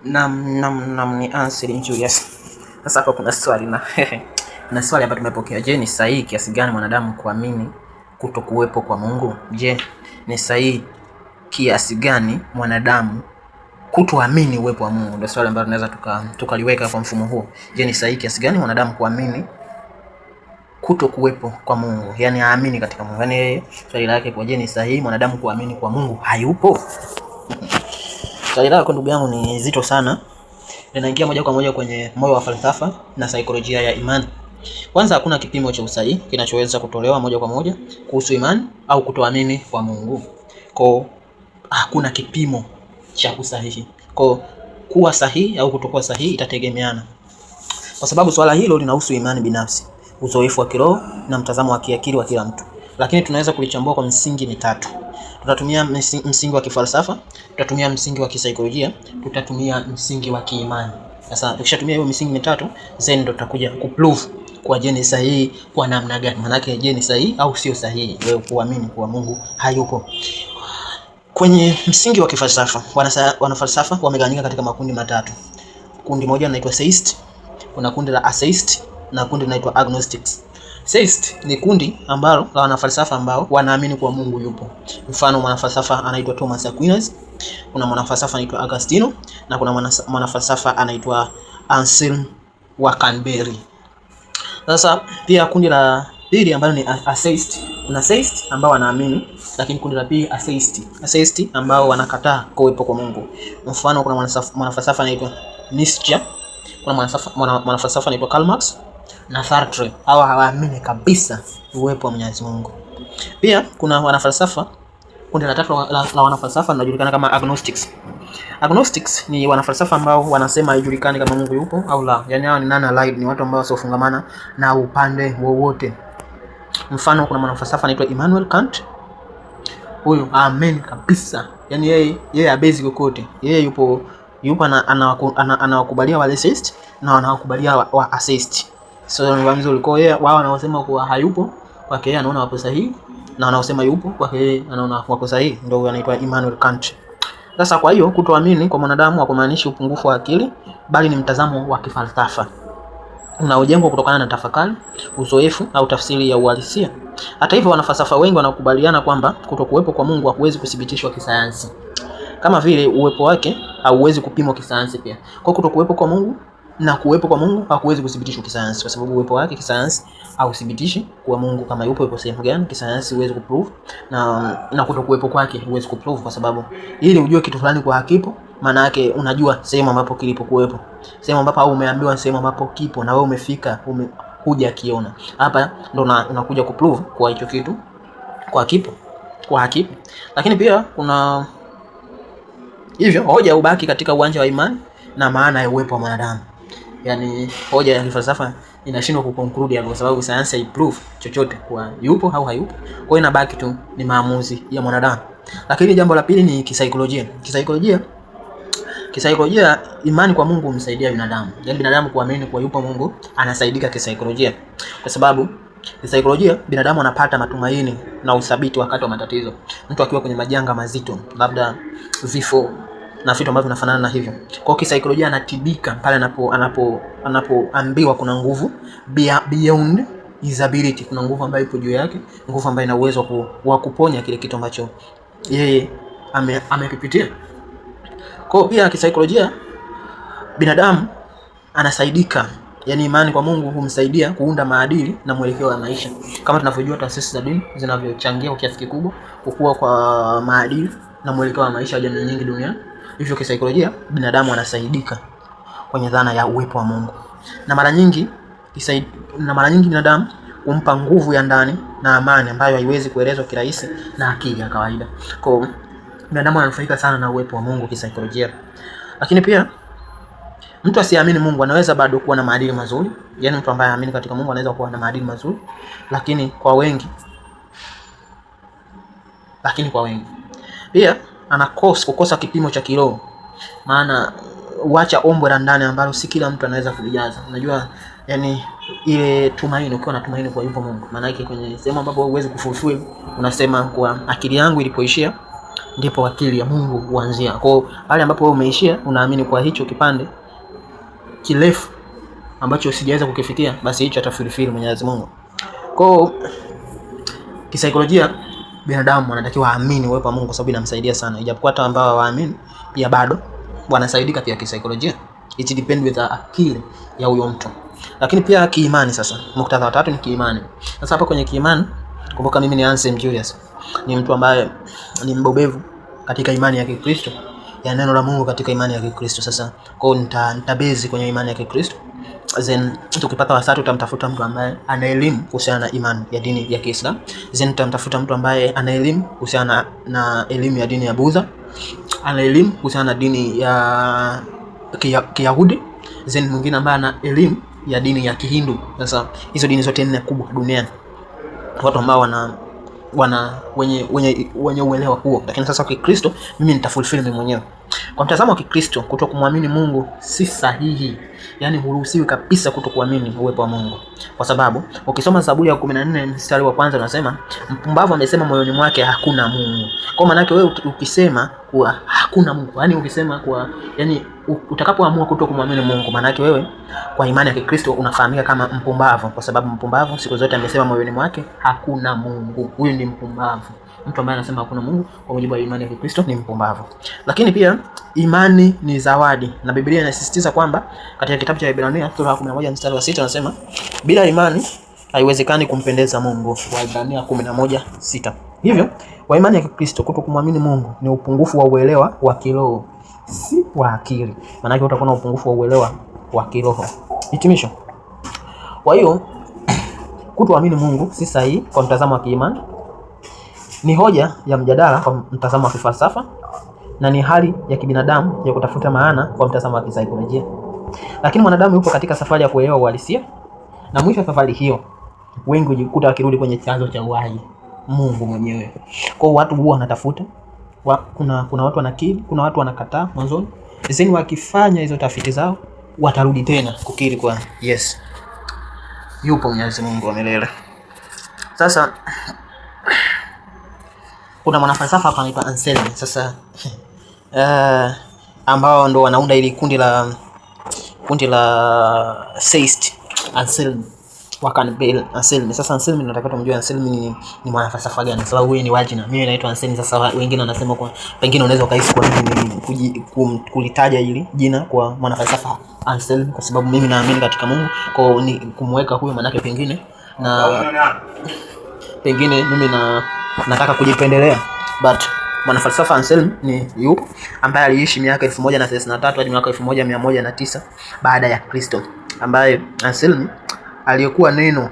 Nam, nam, nam ni Ansel Julius. Sasa hapo kuna swali na na swali hapa tumepokea. Je, ni sahihi kiasi gani mwanadamu kuamini kutokuwepo kwa Mungu? Je, ni sahihi kiasi gani mwanadamu kutoamini uwepo wa Mungu? Ndio swali ambalo tunaweza tukaliweka tuka kwa mfumo huo. Je, ni sahihi kiasi gani mwanadamu kuamini kuto kuwepo kwa Mungu, yaani aamini katika Mungu? Yaani swali lake kwa, je, ni sahihi mwanadamu kuamini kwa Mungu hayupo? Swali lako ndugu yangu ni zito sana, linaingia moja kwa moja kwenye moyo wa falsafa na saikolojia ya imani. Kwanza, hakuna kipimo cha usahihi kinachoweza kutolewa moja kwa moja kuhusu imani au kutoamini kwa Mungu. Kwa hakuna kipimo cha usahihi, kwa kuwa sahihi au kutokuwa sahihi itategemeana, kwa sababu swala hilo linahusu imani binafsi, uzoefu wa kiroho na mtazamo wa kiakili wa kila mtu, lakini tunaweza kulichambua kwa misingi mitatu. Tutatumia msingi wa kifalsafa, tutatumia msingi wa kisaikolojia, tutatumia msingi wa kiimani. Sasa tukishatumia hiyo misingi mitatu, then ndo tutakuja kuprove kwa je ni sahihi kwa namna gani? Maana yake je ni sahihi au sio sahihi wewe kuamini kuwa Mungu hayupo. Kwenye msingi wa kifalsafa, wanafalsafa wamegawanyika katika makundi matatu. Kundi moja linaitwa theist, kuna kundi la atheist na kundi linaitwa agnostics. Seists ni kundi ambalo la wanafalsafa ambao wanaamini kuwa Mungu yupo. Mfano, mwanafalsafa anaitwa Thomas Aquinas, kuna mwanafalsafa anaitwa Agostino na kuna mwanafalsafa anaitwa Anselm wa Canterbury. Sasa pia kundi la pili ambalo ni atheist. Kuna atheist ambao wanaamini, lakini kundi la pili atheist. Atheist ambao wanakataa kuwepo kwa Mungu. Mfano, kuna mwanafalsafa anaitwa Nietzsche, kuna mwanafalsafa anaitwa Karl Marx na Sartre hawa hawaamini kabisa uwepo wa Mwenyezi Mungu. Pia kuna wanafalsafa, kundi la tatu la, wanafalsafa linajulikana kama agnostics. Agnostics ni wanafalsafa ambao wanasema haijulikani kama Mungu yupo au la. Yaani hawa ni nani alive, ni watu ambao wasiofungamana na upande wowote. Mfano kuna mwanafalsafa anaitwa Immanuel Kant. Huyu amen kabisa. Yaani yeye yeye habezi kokote. Yeye yupo yupo anawakubalia ana, wale atheist na anawakubalia wa, wa so namba nzuri. yeye, wao wanaosema kuwa hayupo kwake yeye anaona wapo sahihi, na wanaosema yupo kwake yeye anaona wapo sahihi, ndio anaitwa Immanuel Kant. Sasa kwa hiyo kutoamini kwa mwanadamu hakumaanishi upungufu wa akili, bali ni mtazamo wa kifalsafa unaojengwa kutokana na tafakari, uzoefu au tafsiri ya uhalisia. Hata hivyo, wanafalsafa wengi wanakubaliana kwamba kutokuwepo kwa Mungu hakuwezi kuthibitishwa kisayansi, kama vile uwepo wake hauwezi kupimwa kisayansi pia. Kwa kutokuwepo kwa Mungu na kuwepo kwa Mungu hakuwezi kuthibitishwa kisayansi, kwa sababu uwepo wake kisayansi hauthibitishi kuwa Mungu kama yupo yupo sehemu gani, kisayansi huwezi kuprove, na na kutokuwepo kwake huwezi kuprove, kwa sababu ili ujue kitu fulani kwa hakipo, maana yake unajua sehemu ambapo kilipokuwepo, sehemu ambapo au umeambiwa sehemu ambapo kipo na wewe umefika, ume huja kiona. Hapa ndo unakuja kuprove kwa hicho kitu kwa kipo kwa hakipo. Lakini pia kuna hivyo hoja ubaki katika uwanja wa imani na maana ya uwepo wa mwanadamu yani hoja ya falsafa inashindwa kuconclude hapo, kwa sababu sayansi haiprove chochote kuwa yupo au hayupo. Kwa hiyo inabaki tu ni maamuzi ya mwanadamu. Lakini jambo la pili ni kisaikolojia. Kisaikolojia, kisaikolojia imani kwa Mungu humsaidia binadamu, yani binadamu kuamini kwa yupo Mungu anasaidika kisaikolojia, kwa sababu kisaikolojia binadamu anapata matumaini na uthabiti wakati wa matatizo. Mtu akiwa kwenye majanga mazito, labda vifo na vitu ambavyo vinafanana na hivyo. Kwa hiyo kisaikolojia anatibika pale anapo anapo anapoambiwa kuna nguvu beyond his ability, kuna nguvu ambayo ipo juu yake, nguvu ambayo ina uwezo wa kuponya kile kitu ambacho yeye ame, Kwa hiyo pia kisaikolojia binadamu anasaidika yaani imani kwa Mungu humsaidia kuunda maadili na mwelekeo wa maisha, kama tunavyojua taasisi za dini zinavyochangia kwa kiasi kikubwa kukua kwa maadili na mwelekeo wa maisha ya jamii nyingi duniani. Hivyo kisaikolojia, binadamu anasaidika kwenye dhana ya uwepo wa Mungu, na mara nyingi isaid... na mara nyingi binadamu humpa nguvu ya ndani na amani ambayo haiwezi kuelezwa kirahisi na akili ya kawaida. Kwa hiyo binadamu ananufaika sana na uwepo wa Mungu kisaikolojia, lakini pia mtu asiamini Mungu anaweza bado kuwa na maadili mazuri. Yaani mtu ambaye anaamini katika Mungu anaweza kuwa na maadili mazuri, lakini kwa wengi, lakini kwa wengi pia anakosa kukosa kipimo cha kiroho, maana uacha ombwe la ndani ambalo si kila mtu anaweza kulijaza. Unajua yani ile tumaini, ukiwa na tumaini kwa yupo Mungu, maana yake kwenye sehemu ambapo huwezi kufufua, unasema kwa akili yangu ilipoishia ndipo akili ya Mungu huanzia. kwao hiyo pale ambapo wewe umeishia, unaamini kwa hicho kipande kirefu ambacho sijaweza kukifikia, basi hicho atafirifiri Mwenyezi Mungu. kwao kisaikolojia binadamu anatakiwa aamini uwepo wa Mungu sababu inamsaidia sana, ijapokuwa hata ambao waamini pia bado wanasaidika pia kisaikolojia, it depend with the akili ya huyo mtu, lakini pia kiimani. Sasa muktadha wa tatu ni kiimani. Sasa hapa kwenye kiimani, kumbuka mimi ni Anselm Julius, ni mtu ambaye ni mbobevu katika imani ya Kikristo ya neno la Mungu katika imani ya Kikristo. Sasa kwao nitabezi kwenye imani ya Kikristo then tukipata wasati utamtafuta mtu ambaye ana elimu kuhusiana na imani ya dini ya Kiislamu, then utamtafuta mtu ambaye ana elimu kuhusiana na elimu ya dini ya Buddha, ana elimu kuhusiana na dini ya Kiyahudi kia, then mwingine ambaye ana elimu ya dini ya Kihindu. Sasa hizo dini zote nne kubwa duniani, watu ambao wana wana wenye wenye wenye uelewa huo. Lakini sasa kwa Kristo mimi nitafulfill mimi mwenyewe kwa mtazamo wa Kikristo, kuto kumwamini Mungu si sahihi, yaani huruhusiwi kabisa kuamini uwepo wa Mungu, kwa sababu ukisoma Zaburi ya 14 mstari wa kwanza unasema mpumbavu amesema moyoni mwake hakuna Mungu. Kwa maana yake wewe ukisema kuwa hakuna Mungu, yaani ukisema kuwa, yaani utakapoamua kumwamini Mungu, maana yake wewe kwa imani ya Kikristo unafahamika kama mpumbavu, kwa sababu mpumbavu siku zote amesema moyoni mwake hakuna Mungu. Huyu ni mpumbavu. Mtu ambaye anasema hakuna Mungu kwa mujibu wa imani ya Kikristo ni mpumbavu. Lakini pia imani ni zawadi, na Biblia inasisitiza kwamba katika kitabu cha Waebrania sura ya 11 mstari wa 6 anasema bila imani haiwezekani kumpendeza Mungu, Waibrania 11:6. Hivyo kwa imani ya Kikristo kuto kumwamini Mungu ni upungufu wa uelewa wa kiroho, si wa akili. Maana yake utakuwa na upungufu wa uelewa wa kiroho. Hitimisho. Kwa hiyo kutoamini Mungu si sahihi kwa mtazamo wa kiimani ni hoja ya mjadala kwa mtazamo wa kifalsafa na ni hali ya kibinadamu ya kutafuta maana kwa mtazamo wa kisaikolojia. Lakini mwanadamu yupo katika safari ya kuelewa uhalisia, na mwisho wa safari hiyo wengi hujikuta wakirudi kwenye chanzo cha uhai, Mungu mwenyewe. Kwa hiyo watu huwa wanatafuta wa, kuna, kuna watu wanakiri, kuna watu wanakataa mwanzoni, lakini wakifanya hizo tafiti zao watarudi tena kukiri kwa yes, yupo Mwenyezi Mungu wa milele. Sasa kuna mwanafalsafa hapa anaitwa Anselm. Sasa uh, ambao ndo wanaunda ili kundi la kundi la Seist Anselm wa Canterbury Anselm. Sasa Anselm nataka tumjue Anselm ni, ni mwanafalsafa gani? Sababu huyu ni wajina, mimi naitwa Anselm. Sasa wengine wanasema kwa pengine unaweza ukahisi kwa nini kulitaja hili jina kwa mwanafalsafa Anselm, kwa sababu mimi naamini katika Mungu, kwa ni kumweka huyo manake pengine na pengine mimi na nataka kujipendelea but mwanafalsafa Anselm ni yu ambaye aliishi miaka 1033 hadi miaka 1109 baada ya Kristo, ambaye Anselm aliyekuwa neno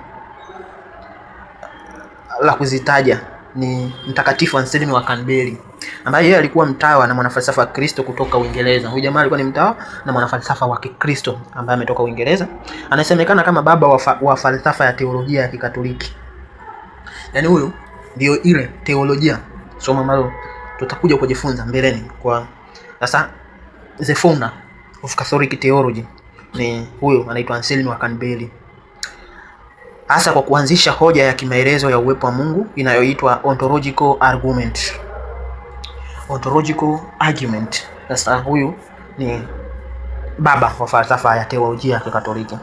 la kuzitaja ni mtakatifu Anselm wa Canterbury, ambaye yeye alikuwa mtawa na mwanafalsafa Kristo kutoka Uingereza. Huyu jamaa alikuwa ni mtawa na mwanafalsafa wa Kikristo ambaye ametoka Uingereza, anasemekana kama baba wa, fa wa falsafa ya teolojia ya Kikatoliki. Yaani huyu ndio ile teolojia, somo ambalo tutakuja kujifunza mbeleni. Kwa sasa the founder of Catholic theology ni huyo anaitwa Anselm wa Canterbury, hasa kwa kuanzisha hoja ya kimaelezo ya uwepo wa Mungu inayoitwa ontological argument. Ontological argument. Sasa huyu ni baba wa falsafa ya teolojia ya Kikatoliki.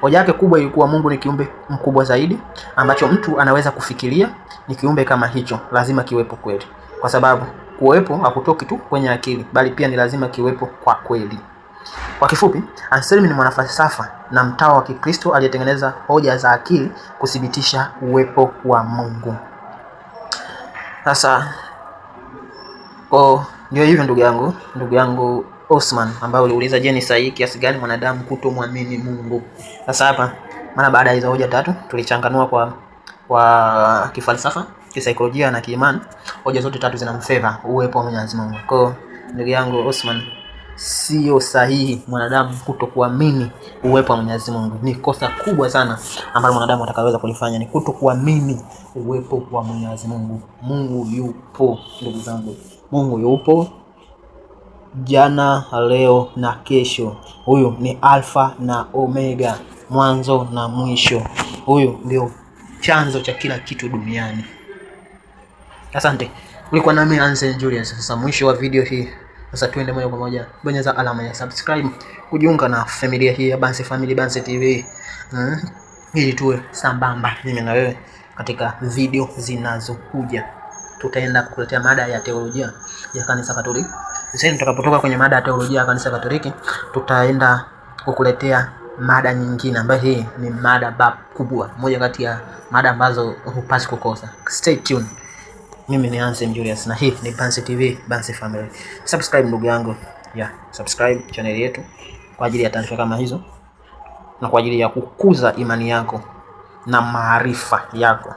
Hoja yake kubwa ilikuwa Mungu ni kiumbe mkubwa zaidi ambacho mtu anaweza kufikiria. Ni kiumbe kama hicho lazima kiwepo kweli, kwa sababu kuwepo hakutoki tu kwenye akili, bali pia ni lazima kiwepo kwa kweli. Kwa kifupi, Anselm ni mwanafalsafa na mtawa wa Kikristo aliyetengeneza hoja za akili kuthibitisha uwepo wa Mungu. Sasa oh, ndio hivyo ndugu yangu, ndugu yangu Osman ambaye uliuliza, je, ni sahihi kiasi gani mwanadamu kutomwamini Mungu? Sasa hapa, maana baada ya hizo hoja tatu tulichanganua kwa kwa kifalsafa, kisaikolojia na kiimani. Hoja zote tatu zina zinamfeva uwepo wa Mwenyezi Mungu. Kwa hiyo ndugu yangu Osman, sio sahihi mwanadamu kutokuamini uwepo wa Mwenyezi Mungu. Ni kosa kubwa sana ambalo mwanadamu atakaweza kulifanya ni kutokuamini uwepo wa Mwenyezi Mungu. Mungu yupo ndugu zangu, Mungu yupo jana, leo na kesho. Huyu ni Alfa na Omega, mwanzo na mwisho. Huyu ndio chanzo cha kila kitu duniani. Asante, ulikuwa nami Ansel Julius. Sasa mwisho wa video hii, sasa tuende moja kwa moja, bonyeza alama ya subscribe kujiunga na familia hii ya Banse Family, Banse TV hmm, ili tuwe sambamba mimi na wewe katika video zinazokuja. Tutaenda kukuletea mada ya teolojia ya kanisa Katoliki. Sasa tutakapotoka kwenye mada ya teolojia ya kanisa Katoliki, tutaenda kukuletea mada nyingine ambayo hii ni mada kubwa, moja kati ya mada ambazo hupasi kukosa. Stay tuned. Mimi ni Hansen Julius na hii ni Bansi TV, Bansi Family. Subscribe ndugu yangu, yeah, subscribe channel yetu kwa ajili ya taarifa kama hizo na kwa ajili ya kukuza imani yako na maarifa yako.